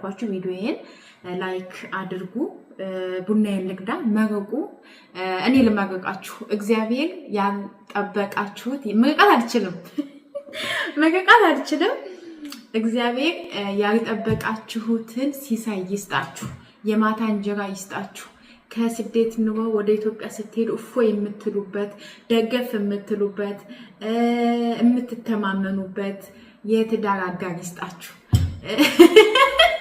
እንዳልኳችሁ ቪዲዮዬን ላይክ አድርጉ። ቡናዬን ልቅዳ፣ መቅቁ። እኔ ልመቅቃችሁ። እግዚአብሔር ያልጠበቃችሁት መቀቃት አልችልም፣ መቀቃት አልችልም። እግዚአብሔር ያልጠበቃችሁትን ሲሳይ ይስጣችሁ፣ የማታ እንጀራ ይስጣችሁ። ከስደት ኑሮ ወደ ኢትዮጵያ ስትሄድ እፎ የምትሉበት ደገፍ የምትሉበት የምትተማመኑበት የትዳር አጋር ይስጣችሁ።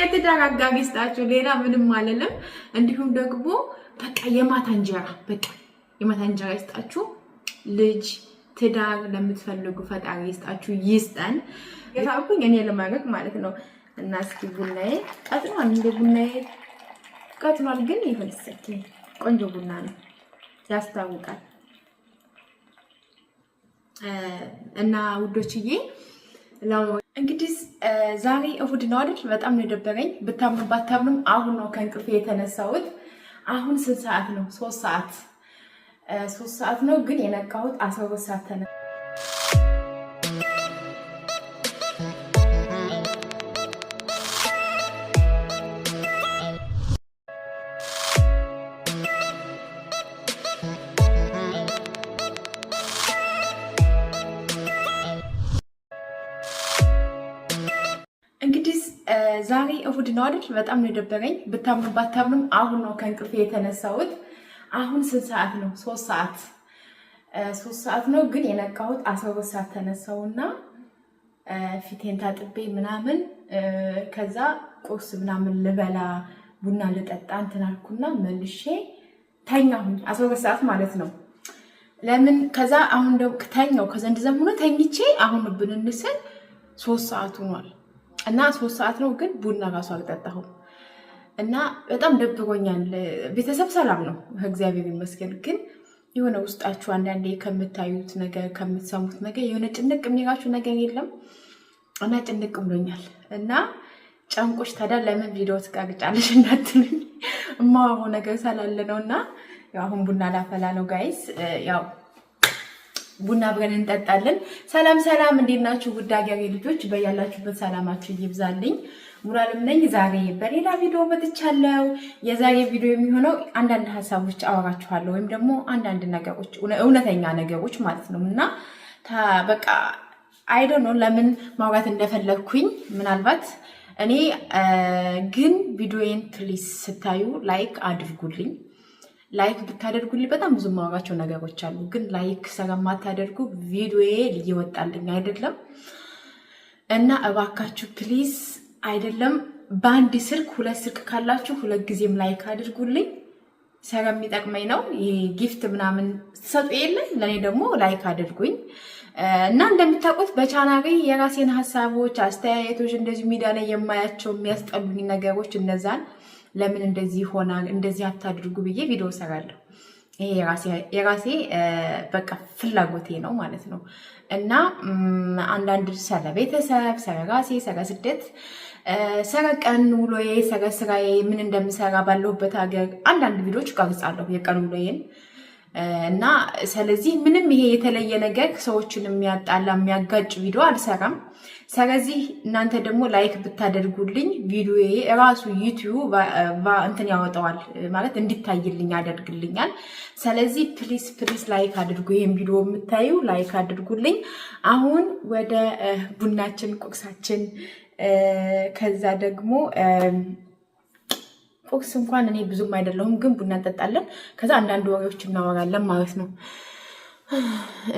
የትዳር አጋር ይስጣችሁ። ሌላ ምንም አለለም። እንዲሁም ደግሞ በቃ የማታ እንጀራ በቃ የማታ እንጀራ ይስጣችሁ። ልጅ ትዳር ለምትፈልጉ ፈጣሪ ይስጣችሁ፣ ይስጠን። የታኩኝ እኔ ለማድረግ ማለት ነው። እና እስኪ ቡናዬ ቀጥኗል፣ እንደ ቡናዬ ቀጥኗል፣ ግን ይፈልሰኪ ቆንጆ ቡና ነው፣ ያስታውቃል። እና ውዶችዬ እንግዲህ ዛሬ እሁድ ነው አይደል? በጣም ነው የደበረኝ። ብታምኑ ባታምኑም አሁን ነው ከእንቅልፌ የተነሳሁት። አሁን ስንት ሰዓት ነው? ሶስት ሰዓት ሶስት ሰዓት ነው ግን የነቃሁት አስራ ሁለት ሰዓት ተነ ዛሬ እሁድ ነው አይደል? በጣም ነው የደበረኝ። ብታምኑ ባታምኑም አሁን ነው ከእንቅልፌ የተነሳሁት። አሁን ስንት ሰዓት ነው? ሶስት ሰዓት ሶስት ሰዓት ነው ግን የነቃሁት አስራ ሁለት ሰዓት ተነሳሁና ፊቴን ታጥቤ ምናምን ከዛ ቁርስ ምናምን ልበላ ቡና ልጠጣ እንትን አልኩና መልሼ ተኛሁኝ። አስራ ሁለት ሰዓት ማለት ነው። ለምን ከዛ አሁን ተኛው ከዛ እንደዚያም ሆኖ ተኝቼ አሁን ብንንስል ሶስት ሰዓት ሆኗል። እና ሶስት ሰዓት ነው ግን ቡና ራሱ አልጠጣሁም። እና በጣም ደብሮኛል። ቤተሰብ ሰላም ነው እግዚአብሔር ይመስገን። ግን የሆነ ውስጣችሁ አንዳንዴ ከምታዩት ነገር ከምትሰሙት ነገር የሆነ ጭንቅ የሚላችሁ ነገር የለም እና ጭንቅ ብሎኛል እና ጨንቆች ታዲያ ለምን ቪዲዮ ትቀርጫለሽ እንዳትሉኝ እማዋሆ ነገር ስላለ ነው። እና አሁን ቡና ላፈላ ነው ጋይስ ያው ቡና አብረን እንጠጣለን። ሰላም ሰላም፣ እንዴት ናችሁ? ውድ ሀገሬ ልጆች በያላችሁበት ሰላማችሁ ይብዛልኝ። ሙራልም ነኝ። ዛሬ በሌላ ቪዲዮ መጥቻለሁ። የዛሬ ቪዲዮ የሚሆነው አንዳንድ ሀሳቦች አወራችኋለሁ ወይም ደግሞ አንዳንድ ነገሮች እውነተኛ ነገሮች ማለት ነው እና በቃ አይዶ ነው ለምን ማውራት እንደፈለግኩኝ ምናልባት እኔ ግን ቪዲዮዬን ፕሊስ ስታዩ ላይክ አድርጉልኝ ላይክ ብታደርጉልኝ በጣም ብዙ ማወራቸው ነገሮች አሉ። ግን ላይክ ስለማታደርጉ ቪዲዮዬ እየወጣልኝ አይደለም እና እባካችሁ ፕሊዝ አይደለም በአንድ ስልክ ሁለት ስልክ ካላችሁ ሁለት ጊዜም ላይክ አድርጉልኝ። ሰራ የሚጠቅመኝ ነው። ጊፍት ምናምን ትሰጡ የለ ለእኔ ደግሞ ላይክ አድርጉኝ እና እንደምታውቁት በቻናሪ የራሴን ሀሳቦች፣ አስተያየቶች እንደዚሁ ሚዲያ ላይ የማያቸው የሚያስጠሉኝ ነገሮች እነዛን ለምን እንደዚህ ይሆናል፣ እንደዚህ አታድርጉ ብዬ ቪዲዮ ሰራለሁ ይሄ የራሴ በቃ ፍላጎቴ ነው ማለት ነው። እና አንዳንድ ሰለ ቤተሰብ፣ ሰለ ራሴ፣ ሰረ ስደት፣ ሰረ ቀን ውሎዬ፣ ሰረ ስራዬ፣ ምን እንደምሰራ ባለሁበት ሀገር አንዳንድ ቪዲዮዎች ቀርጻለሁ የቀን ውሎዬን እና ስለዚህ ምንም ይሄ የተለየ ነገር ሰዎችን የሚያጣላ የሚያጋጭ ቪዲዮ አልሰራም። ስለዚህ እናንተ ደግሞ ላይክ ብታደርጉልኝ ቪዲዮ ራሱ ዩቲዩብ እንትን ያወጣዋል ማለት እንዲታይልኝ ያደርግልኛል። ስለዚህ ፕሊስ ፕሊስ ላይክ አድርጉ። ይህም ቪዲዮ የምታዩ ላይክ አድርጉልኝ። አሁን ወደ ቡናችን ቁርሳችን ከዛ ደግሞ ፎክስ እንኳን እኔ ብዙም አይደለሁም፣ ግን ቡና እንጠጣለን፣ ከዛ አንዳንድ ወሬዎች እናወራለን ማለት ነው።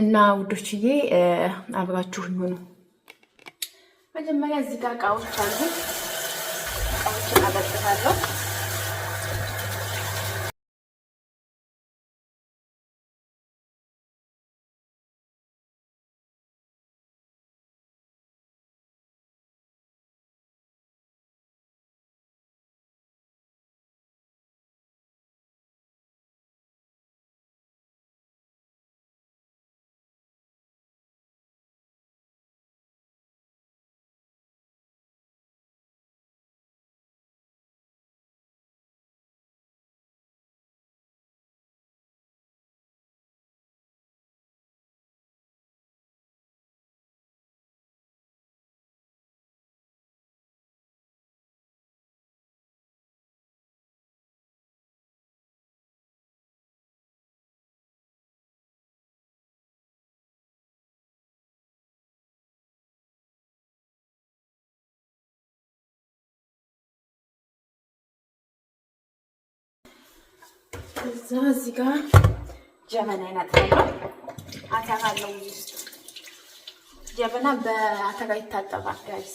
እና ውዶችዬ አብራችሁ ሆኑ። መጀመሪያ እዚህ ጋር እቃዎች አሉ። እቃዎችን አበጥታለሁ እዛ እዚህ ጋር ጀበና ይነጥራለሁ። አተር አለው ጀበና በአተር ይታጠባል ጋይስ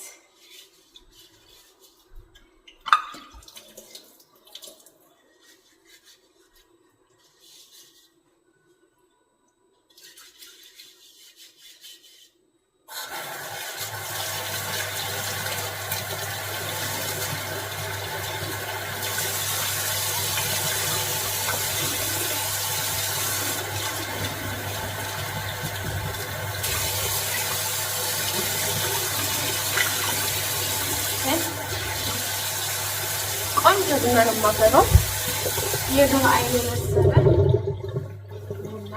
ጀግና ነው የማፈለው የዱር አይን የመሰለ ቡና።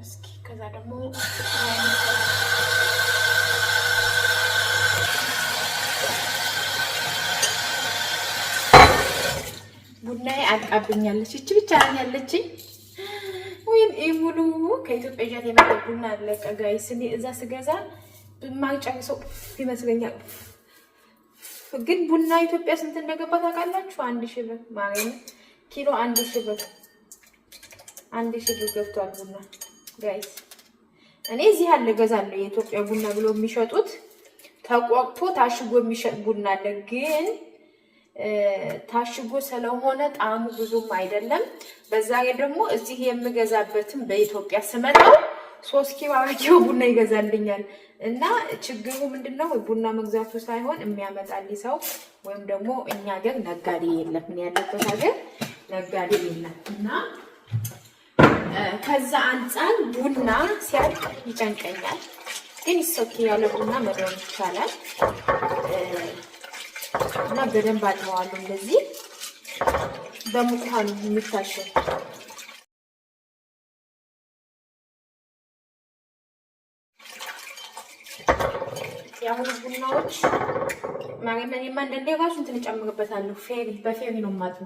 እስኪ ከዛ ደግሞ ቡናዬ አልቃብኛለች። እች ብቻ ያለችኝ ወይም ሙሉ ከኢትዮጵያ ዣት የመጣ ቡና አለቀ ጋይስ እዛ ስገዛ ማይጨርሰው ይመስለኛል። ግን ቡና ኢትዮጵያ ስንት እንደገባ ታውቃላችሁ? አንድ ሺህ ብር ኪሎ አንድ ሺህ ብር አንድ ሺህ ብር ገብቷል ቡና ጋይስ። እኔ እዚህ አለ እገዛለሁ የኢትዮጵያ ቡና ብሎ የሚሸጡት ተቆቅቶ ታሽጎ የሚሸጥ ቡና አለ ግን ታሽጎ ስለሆነ ጣዕሙ ብዙም አይደለም። በዛ ደግሞ እዚህ የምገዛበትም በኢትዮጵያ ስመጣው ሶስት ኪሎ ቡና ይገዛልኛል እና ችግሩ ምንድነው? ቡና መግዛቱ ሳይሆን የሚያመጣልኝ ሰው ወይም ደግሞ እኛ ሀገር ነጋዴ የለም። ምን ያለበት ሀገር ነጋዴ የለም እና ከዛ አንጻር ቡና ሲያልቅ ይጨንቀኛል። ግን ሶኪ ያለ ቡና መድረም ይቻላል እና በደንብ አጥበዋለሁ። እንደዚህ በሙቅ ውሃ የሚታሸው። የአሁኑ ቡናዎች ማገነን አንዳንዴ ራሱ እንትን እጨምርበታለሁ። ፌሪ በፌሪ ነው ማለት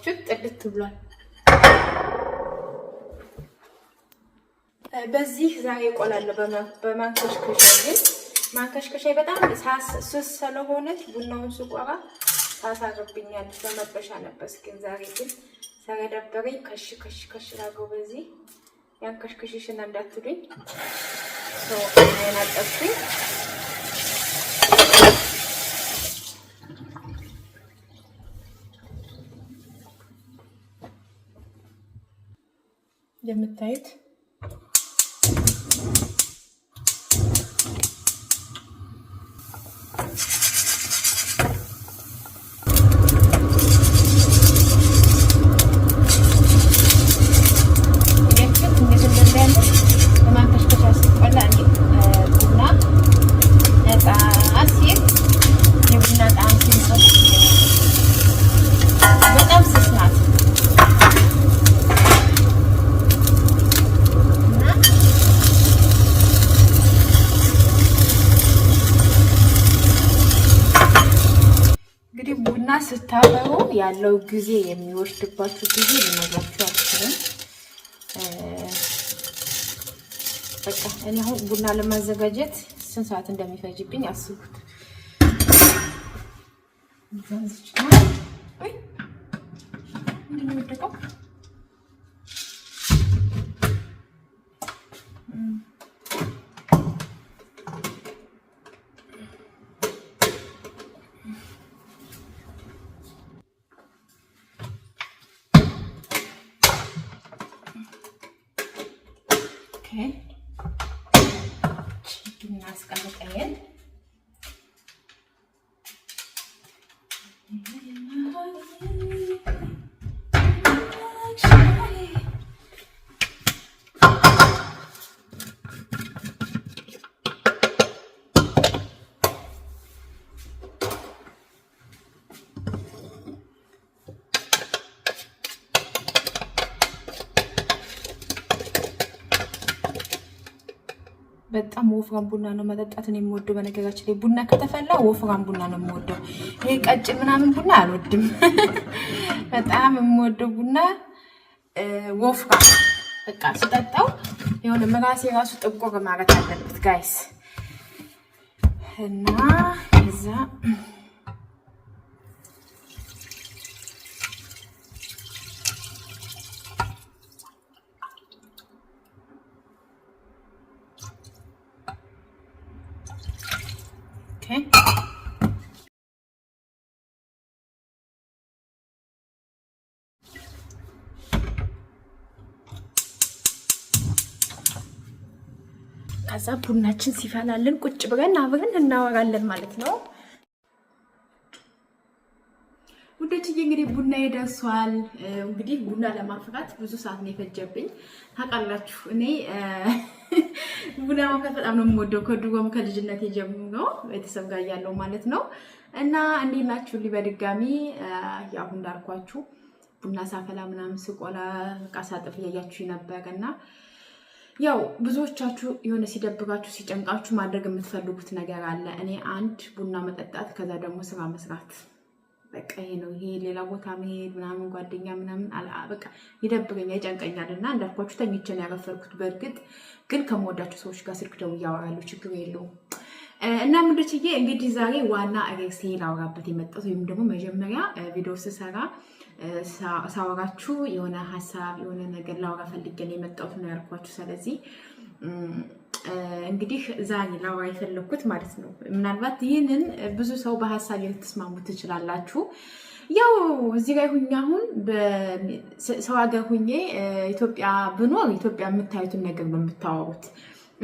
እንዳያችሁት ጥድት ብሏል። በዚህ ዛሬ እቆላለሁ። በማንከሽከሻ ግን ማንከሽከሻ በጣም ስስ ስለሆነች ቡናውን ስቆራ ታሳርብኛለች። በመጥበሻ ነበር ግን ዛሬ ግን ስለደበረኝ ከሽ ከሽ ከሽ ላገው በዚህ ያንከሽከሽሽና እንዳትሉኝ ናጠብኩኝ እንደምታዩት ያለው ጊዜ የሚወስድባችሁ ጊዜ ልነግራችሁ አልችልም። በቃ እኔ አሁን ቡና ለማዘጋጀት ስንት ሰዓት እንደሚፈጅብኝ አስቡት። ምንድን ነው የወደቀው? አስቀምጠን ወፍራም ቡና ነው መጠጣትን የምወደው። በነገራችን ላይ ቡና ከተፈላ ወፍራም ቡና ነው የምወደው። ይሄ ቀጭን ምናምን ቡና አልወድም። በጣም የምወደው ቡና ወፍራም በቃ ስጠጣው የሆነ ምራሴ ራሱ ጥቁር ማለት አለበት ጋይስ እና እዛ Okay. ከዛ ቡናችን ሲፈላልን ቁጭ ብለን አብረን እናወራለን ማለት ነው። ውዶችዬ እንግዲህ ቡና ይደርሷል። እንግዲህ ቡና ለማፍራት ብዙ ሰዓት ነው የፈጀብኝ ታውቃላችሁ እኔ ቡና ማፍላት በጣም ነው የምወደው። ከድሮም ከልጅነት ነው ቤተሰብ ጋር ያለው ማለት ነው። እና እንዴት ናችሁ? በድጋሚ ያው እንዳልኳችሁ ቡና ሳፈላ ምናምን ስቆላ ዕቃ ሳጥብ እያያችሁ ነበር እና ያው ብዙዎቻችሁ የሆነ ሲደብራችሁ ሲጨንቃችሁ ማድረግ የምትፈልጉት ነገር አለ። እኔ አንድ ቡና መጠጣት፣ ከዛ ደግሞ ስራ መስራት በቃ ይሄ ነው ይሄ ሌላ ቦታ መሄድ ምናምን ጓደኛ ምናምን አላ በቃ ይደብረኛል፣ ይጨንቀኛል እና እንዳልኳችሁ ተኝቼ ነው ያረፈርኩት። በእርግጥ ግን ከምወዳቸው ሰዎች ጋር ስልክ ደውዬ አወራለሁ፣ ችግር የለውም። እና ምንድችዬ እንግዲህ ዛሬ ዋና ርዕሴ ላወራበት የመጣሁት ወይም ደግሞ መጀመሪያ ቪዲዮ ስሰራ ሳወራችሁ የሆነ ሀሳብ የሆነ ነገር ላወራ ፈልገን ነው የመጣሁት ነው ያልኳችሁ። ስለዚህ እንግዲህ ዛሬ ላወራ የፈለኩት ማለት ነው። ምናልባት ይህንን ብዙ ሰው በሀሳብ ልትስማሙ ትችላላችሁ። ያው እዚህ ጋር ሁኝ አሁን ሰው ሀገር ሁኜ ኢትዮጵያ ብኖር ኢትዮጵያ የምታዩትን ነገር ነው የምታወሩት።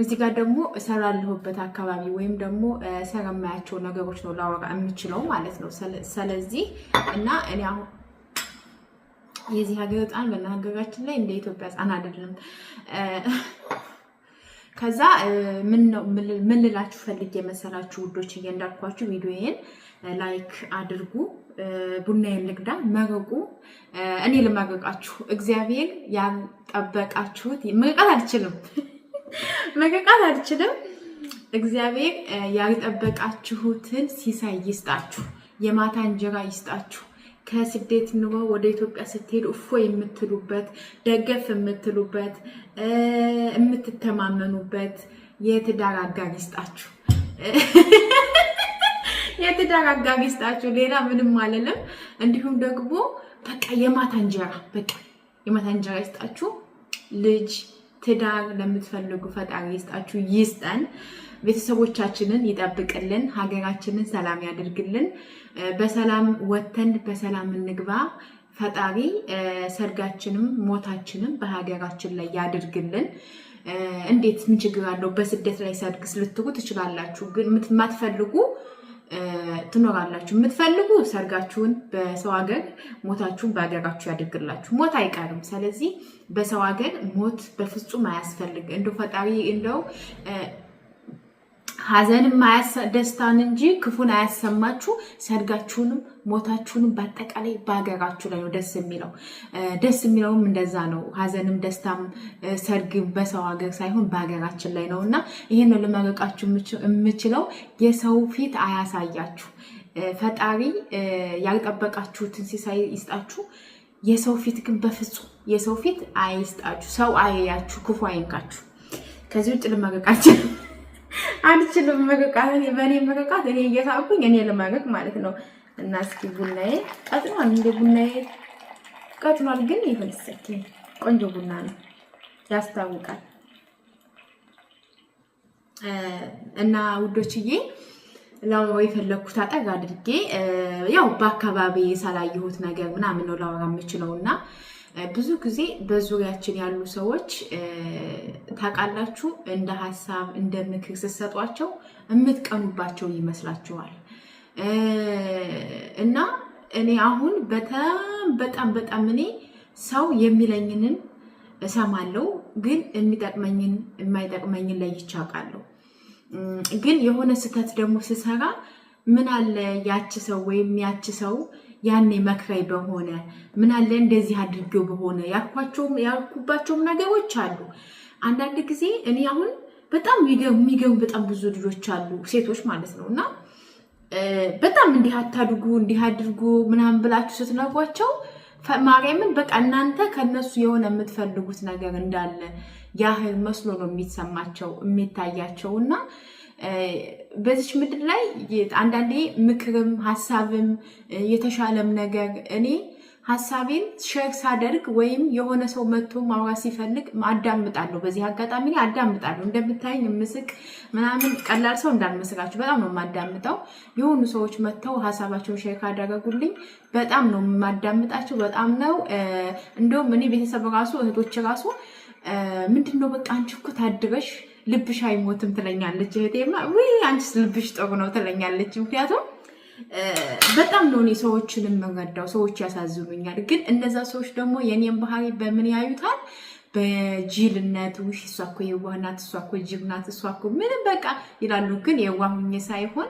እዚህ ጋር ደግሞ ሰላለሁበት አካባቢ ወይም ደግሞ ሰረማያቸው ነገሮች ነው ላወራ የምችለው ማለት ነው። ስለዚህ እና እኔ አሁን የዚህ ሀገር ህፃን በሀገራችን ላይ እንደ ኢትዮጵያ ህፃን አይደለም። ከዛ ምን ልላችሁ ፈልጌ የመሰላችሁ ውዶች፣ እንዳልኳችሁ ቪዲዮዬን ላይክ አድርጉ። ቡናዬን ልግዳ፣ መቀቁ። እኔ ልመቀቃችሁ። እግዚአብሔር ያልጠበቃችሁት መቀቃት አልችልም፣ መቀቃት አልችልም። እግዚአብሔር ያልጠበቃችሁትን ሲሳይ ይስጣችሁ፣ የማታ እንጀራ ይስጣችሁ። ከስደት ኑሮ ወደ ኢትዮጵያ ስትሄድ እፎ የምትሉበት ደገፍ የምትሉበት የምትተማመኑበት የትዳር አጋር ይስጣችሁ፣ የትዳር አጋር ይስጣችሁ። ሌላ ምንም አልልም። እንዲሁም ደግሞ በቃ የማታ እንጀራ በቃ የማታ እንጀራ ይስጣችሁ። ልጅ ትዳር ለምትፈልጉ ፈጣሪ ይስጣችሁ፣ ይስጠን። ቤተሰቦቻችንን ይጠብቅልን፣ ሀገራችንን ሰላም ያድርግልን። በሰላም ወተን በሰላም እንግባ። ፈጣሪ ሰርጋችንም ሞታችንም በሀገራችን ላይ ያድርግልን። እንዴት ምን ችግር አለው? በስደት ላይ ሰርግ ስልትጉ ትችላላችሁ። ግን የማትፈልጉ ትኖራላችሁ። የምትፈልጉ ሰርጋችሁን በሰው ሀገር፣ ሞታችሁን በሀገራችሁ ያድርግላችሁ። ሞት አይቀርም። ስለዚህ በሰው ሀገር ሞት በፍጹም አያስፈልግ እንደ ፈጣሪ እንደው ሀዘንም ደስታን እንጂ ክፉን አያሰማችሁ። ሰርጋችሁንም ሞታችሁንም በአጠቃላይ በሀገራችሁ ላይ ነው ደስ የሚለው። ደስ የሚለውም እንደዛ ነው። ሀዘንም ደስታም ሰርግ በሰው ሀገር ሳይሆን በሀገራችን ላይ ነው እና ይህን ነው ልመረቃችሁ የምችለው። የሰው ፊት አያሳያችሁ። ፈጣሪ ያልጠበቃችሁትን ሲሳይ ይስጣችሁ። የሰው ፊት ግን በፍጹም የሰው ፊት አይስጣችሁ። ሰው አያችሁ፣ ክፉ አይንካችሁ። ከዚህ ውጭ ልመረቃችሁ አንችልም መቀቃት። በእኔ መቀቃት እኔ እየሳብኩኝ እኔ ልመቀቅ ማለት ነው። እና እስኪ ቡናዬ ቀጥኗል፣ እንደ ቡናዬ ቀጥኗል። ግን ይፈልሰኪ ቆንጆ ቡና ነው፣ ያስታውቃል። እና ውዶችዬ ላወራው የፈለግኩት አጠግ አድርጌ ያው በአካባቢ ሳላየሁት ነገር ምናምን ነው ላወራ የምችለው እና ብዙ ጊዜ በዙሪያችን ያሉ ሰዎች ታውቃላችሁ፣ እንደ ሀሳብ እንደ ምክር ስትሰጧቸው የምትቀኑባቸው ይመስላችኋል። እና እኔ አሁን በጣም በጣም በጣም እኔ ሰው የሚለኝንን እሰማለሁ፣ ግን የሚጠቅመኝን የማይጠቅመኝን ለይቼ አውቃለሁ። ግን የሆነ ስህተት ደግሞ ስሰራ ምን አለ ያች ሰው ወይም ያች ሰው ያኔ መክራይ በሆነ ምናለ እንደዚህ አድርጌው በሆነ ያልኩባቸውም ነገሮች አሉ። አንዳንድ ጊዜ እኔ አሁን በጣም የሚገቡ በጣም ብዙ ልጆች አሉ፣ ሴቶች ማለት ነው እና በጣም እንዲህ አታድርጉ እንዲህ አድርጉ ምናምን ብላችሁ ስትነጓቸው ማርያምን በቃ እናንተ ከነሱ የሆነ የምትፈልጉት ነገር እንዳለ ያህል መስሎ ነው የሚሰማቸው የሚታያቸው እና በዚች ምድር ላይ አንዳንዴ ምክርም ሀሳብም የተሻለም ነገር እኔ ሀሳቤን ሸር ሳደርግ ወይም የሆነ ሰው መጥቶ ማውራት ሲፈልግ አዳምጣለሁ። በዚህ አጋጣሚ ላይ አዳምጣለሁ። እንደምታይኝ ምስቅ ምናምን ቀላል ሰው እንዳልመስላችሁ በጣም ነው የማዳምጠው። የሆኑ ሰዎች መጥተው ሀሳባቸውን ሸር ካደረጉልኝ በጣም ነው የማዳምጣቸው። በጣም ነው እንደውም እኔ ቤተሰብ ራሱ እህቶች ራሱ ምንድን ነው በቃ አንቺ እኮ ታድረሽ ልብሽ አይሞትም ትለኛለች እህቴ። ወይ አንቺስ ልብሽ ጥሩ ነው ትለኛለች። ምክንያቱም በጣም ነው እኔ ሰዎችን የምረዳው፣ ሰዎች ያሳዝኑኛል። ግን እነዛ ሰዎች ደግሞ የእኔን ባህሪ በምን ያዩታል? በጅልነት ውሽ እሷ እኮ የዋህ ናት፣ እሷ እኮ ጅብ ናት፣ እሷ እኮ ምንም በቃ ይላሉ። ግን የዋህ ሳይሆን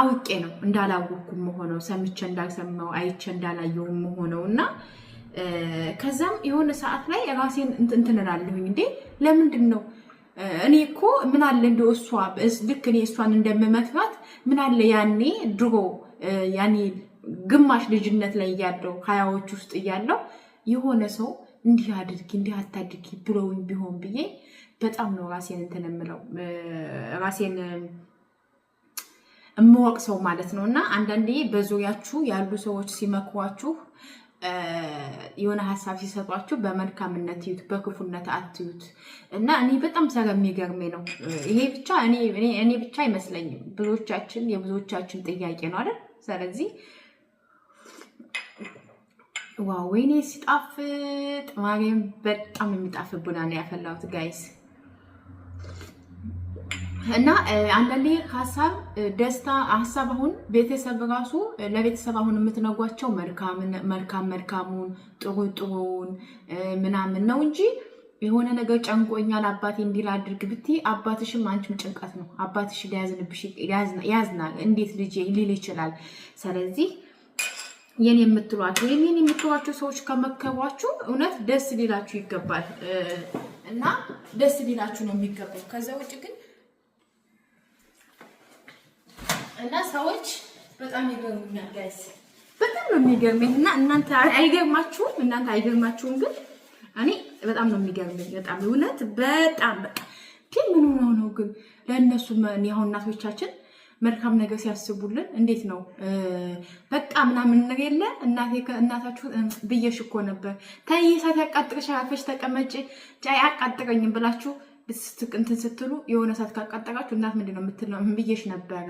አውቄ ነው እንዳላወቅኩም መሆነው፣ ሰምቼ እንዳልሰማው፣ አይቼ እንዳላየውም መሆነው እና ከዛም የሆነ ሰዓት ላይ ራሴን እንትንላለሁኝ እንዴ ለምንድን ነው እኔ እኮ ምን አለ እንደ እሷ ልክ እኔ እሷን እንደምመክራት ምን አለ ያኔ ድሮ ያኔ ግማሽ ልጅነት ላይ እያለው ሀያዎች ውስጥ እያለው የሆነ ሰው እንዲህ አድርጊ እንዲህ አታድርጊ ብለውኝ ቢሆን ብዬ በጣም ነው ራሴን እንትን የምለው ራሴን እምወቅ ሰው ማለት ነው። እና አንዳንዴ በዙሪያችሁ ያሉ ሰዎች ሲመክሯችሁ የሆነ ሀሳብ ሲሰጧችሁ በመልካምነት ዩት በክፉነት አትዩት እና እኔ በጣም የሚገርሜ ነው። ይሄ ብቻ እኔ ብቻ አይመስለኝም፣ ብዙዎቻችን የብዙዎቻችን ጥያቄ ነው አይደል? ስለዚህ ዋ ወይኔ ሲጣፍጥ ማርያም በጣም የሚጣፍጥ ቡና ነው ያፈላሁት ጋይስ። እና አንዳንዴ ሀሳብ ደስታ ሀሳብ አሁን ቤተሰብ ራሱ ለቤተሰብ አሁን የምትነጓቸው መልካም መልካሙን ጥሩ ጥሩውን ምናምን ነው እንጂ የሆነ ነገር ጨንቆኛል አባቴ እንዲል አድርግ ብትይ አባትሽም አንቺም ጭንቀት ነው። አባትሽ ሊያዝንብሽ ያዝናል። እንዴት ልጄ ሊል ይችላል። ስለዚህ የኔ የምትሏቸው ይህን የምትሏቸው ሰዎች ከመከቧችሁ እውነት ደስ ሊላችሁ ይገባል እና ደስ ሊላችሁ ነው የሚገባው። ከዛ ውጭ ግን እና ሰዎች በጣም ይገርሙኛል ጋይስ፣ በጣም ነው የሚገርመኝ። እና እናንተ አይገርማችሁም? እናንተ አይገርማችሁም? ግን እኔ በጣም ነው የሚገርመኝ። በጣም እውነት፣ በጣም በቃ ግን ምን ሆነው ነው ግን ለእነሱ ያሁን እናቶቻችን መልካም ነገር ሲያስቡልን እንዴት ነው በቃ ምናምን ነገር የለ እናታችሁ ብዬሽ እኮ ነበር ተይ እሳት ያቃጥቅሻል አርፈሽ ተቀመጭ ጫይ አቃጥቀኝም ብላችሁ እንትን ስትሉ የሆነ እሳት ካቃጠቃችሁ እናት ምንድን ነው የምትለው ብዬሽ ነበረ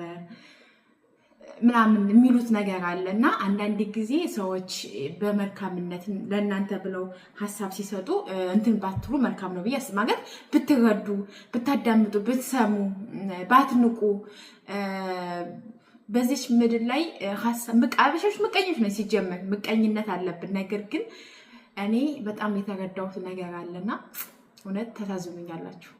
ምናምን የሚሉት ነገር አለ እና አንዳንድ ጊዜ ሰዎች በመልካምነት ለእናንተ ብለው ሀሳብ ሲሰጡ እንትን ባትሉ መልካም ነው ብዬ ማለት ብትረዱ፣ ብታዳምጡ፣ ብትሰሙ፣ ባትንቁ። በዚች ምድር ላይ ምቃበሾች ምቀኞች ነው ሲጀመር ምቀኝነት አለብን። ነገር ግን እኔ በጣም የተረዳሁት ነገር አለና እውነት ተሳዝኑኛላችሁ።